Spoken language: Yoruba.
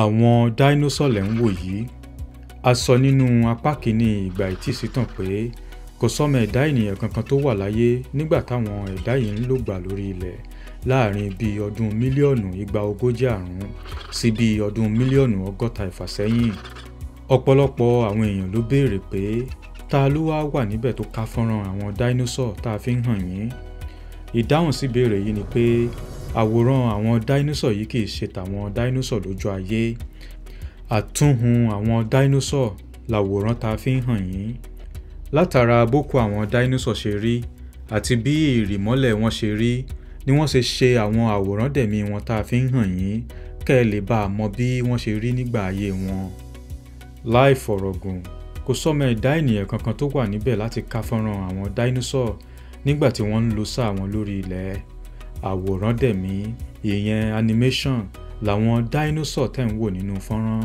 àwọn dinosaur lẹ̀ ń wò yìí a sọ nínú apá kínní ìgbà ìtìsítàn pé kò sọ́mọ ẹ̀dá ènìyàn kankan tó wà láyé nígbà táwọn ẹ̀dá yìí ń lògbà lórí ilẹ̀ láàrin bíi ọdún mílíọ̀nù igba ogójì àrùn sí bíi ọdún mílíọ̀nù ọgọ́ta ìfàsẹ́yìn ọ̀pọ̀lọpọ̀ àwọn èèyàn ló béèrè pé ta ló wá wà níbẹ̀ tó ká fọ́nrán àwọn dáínósọ̀ tá a fi ń hàn yín ìdáhùn sí ìbéèrè yìí ni pé àwòrán àwọn dáínósọ̀ yìí kì í ṣe tàwọn dáínósọ̀ lójú ayé àtúnhun àwọn dáínósọ̀ làwòrán tá a fi ń hàn yín látara bókù àwọn dáínósọ̀ ṣe rí àti bí ìrìmọ́lẹ̀ wọn ṣe rí ni wọ́n ṣe ṣe àwọn àwòrán dẹ̀mí wọn tá a fi ń hàn yín kẹ́ ẹ lè bá a mọ bí wọ́n ṣe rí nígbà ayé wọn láì fọ̀rọ̀gùn kò sọ́mọ ẹ̀dá ènìyàn kankan tó wà níbẹ̀ láti ká fọ́nrán àwọn dáínósọ̀ nígbà tí wọ́n ń lo sáà wọn lórí ilẹ̀ àwòrán dẹ̀mí ìyẹn animation làwọn dáínósọ̀ tẹ̀ ń wò nínú fọ́nrán